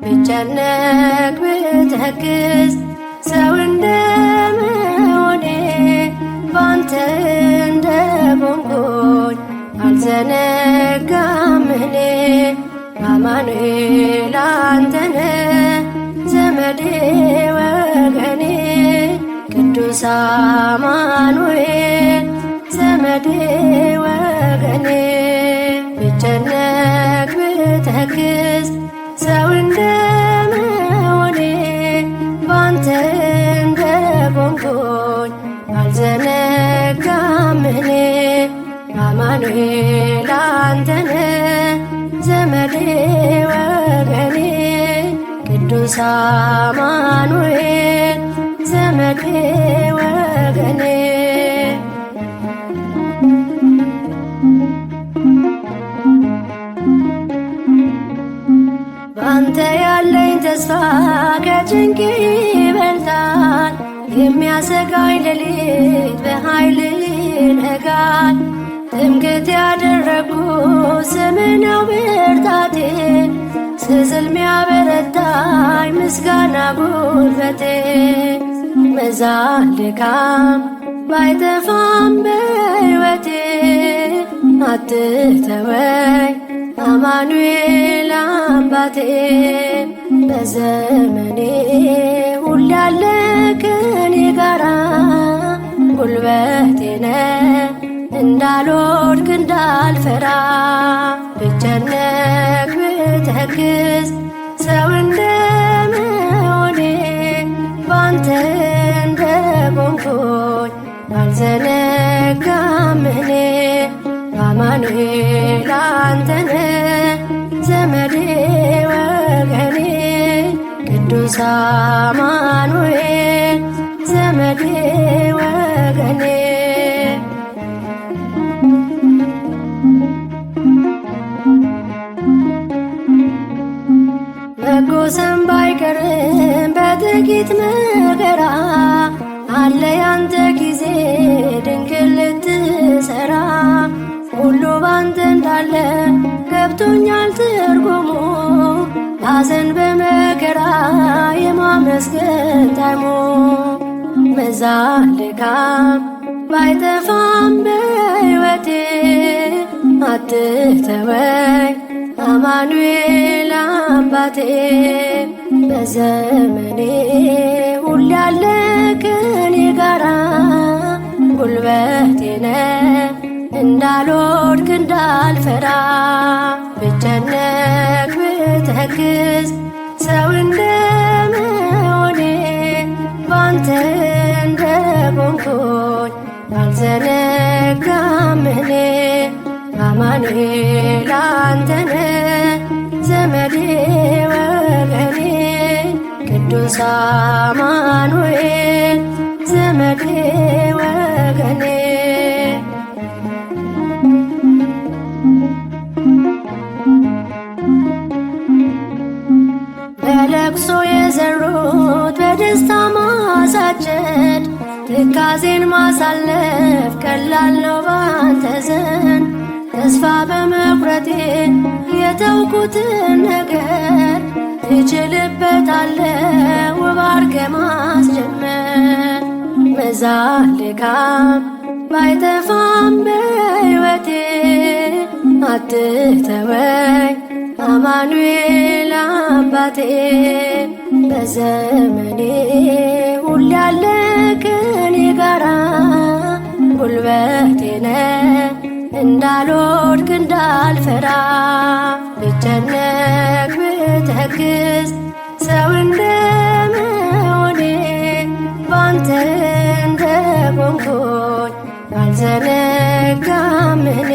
ብጨነቅ ብተክዝ ሰው እንደመሆኔ ባንተ እንደጎንጎኝ አልዘነጋም እኔ አማኑኤል አንተነ ዘመዴ አዲስ አማኑኤል ዘመዴ ወገኔ ብጨነቅ ብተክዝ ሰው እንደመሆኔ ባንተ እንደጎንጎኝ አልዘነጋምኔ አማኑኤል አንተነ ዘመዴ ወገኔ ቅዱስ አማኑኤል ዘመዴ ወገኔ ባንተ ያለኝ ተስፋ ከጭንቅ ይበልጣል። የሚያሰጋኝ ሌሊት በኃይል ይነጋል። ትምክህት ያደረግኩ ስም ነው ብርታቴ ስዝልሚያ ሚያበረታኝ ምስጋና ጉልበቴ መዛ ድካም ባይጠፋም በሕይወቴ አትተወኝ አማኑኤል አባቴ በዘመኔ ሁሌ አለ ከኔ ጋራ ጉልበቴ ነህ እንዳልወድቅ እንዳልፈራ ብጨነቅ ብተክዝ አማኑኤል አንተነ ዘመዴ ወገኔ ቅዱስ አማኑኤል ዘመዴ ወገኔ መጎሰም ባይቀርም በጥቂት መከራ አለ ገብቶኛል ትርጉሙ ሐዘን በመከራ የማመስገን ታይሙ በዛ ድካም ባይጠፋም በሕይወቴ አትተወኝ አማኑኤል አባቴ በዘመኔ ሁል የጋራ ከኔ ጋራ ጉልበቴ ነህ እንዳልወድቅ እንዳልፈራ ተግዝ ሰው እንደመሆኔ ባንተ እንደቆምኩኝ አልዘነጋም እኔ አማኑኤል አንተነ ዘመዴ ወገኔ ቅዱስ አማኑኤል ትካዜን ማሳለፍ ቀላል ባንተዘን ባንተ ዘንድ ተስፋ በመቁረጤ የተውኩትን ነገር ትችልበታለህ ውብ አድርገህ ማስጀመር መዛል ባይተፋም ባይጠፋም በሕይወቴ አትተወኝ አማኑኤል አባቴ በዘመኔ ሁሌ ያለ ጉልበቴነ እንዳልወድቅ እንዳልፈራ ብጨነቅ ብተክዝ ሰው እንደመሆኔ ባንተ እንደቆምኩኝ አልዘነጋም እኔ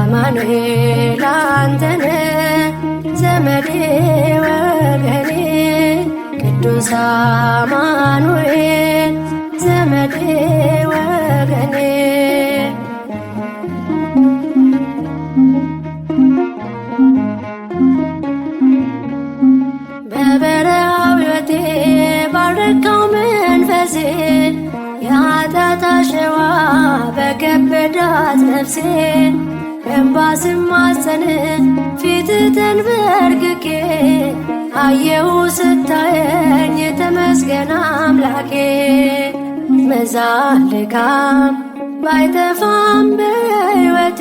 አማኑኤል አንተነ ዘመዴ ወገኔ ቅዱስ አማኑኤል ዘመዴ ወገኔ በበረሃው ባረካው መንፈሴ የኃጢአት አሸዋ በከበዳት ነፍሴ በእንባ ስማጸን ፊት ተንበርክኬ አየሁ ስታየኝ ተመስገን አምላኬ በዛ ባይተፋም በሕይወቴ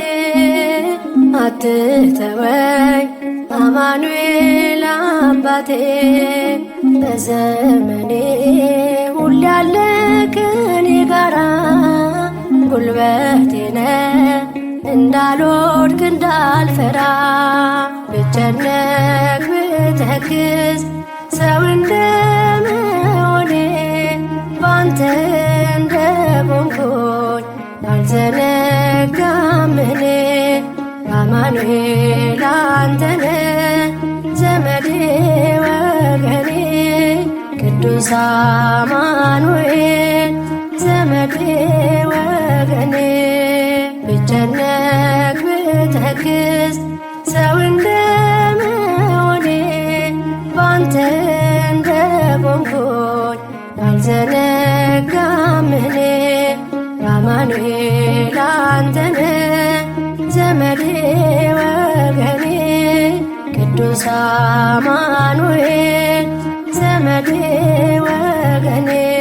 አትተወኝ አማኑኤል አባቴ በዘመኔ ሁል ያለ ከኔ ጋራ ጉልበቴ ነህ እንዳልወድቅ እንዳልፈራ ብጨነቅ ብተክዝ ሰው እንደ ልለጋምን አማኑኤል አንተነ ዘመዴ ወገኔ ቅዱስ አማኑኤል ዘመዴ ወገኔ ብጨነቅ ብተክዝ ሰው እንደመሆኔ ባንተ እንደቆምኩኝ አልዘነጋምን አማኑኤል አንተነ ዘመዴ ወገኔ ቅዱስ አማኑኤል ዘመዴ ወገኔ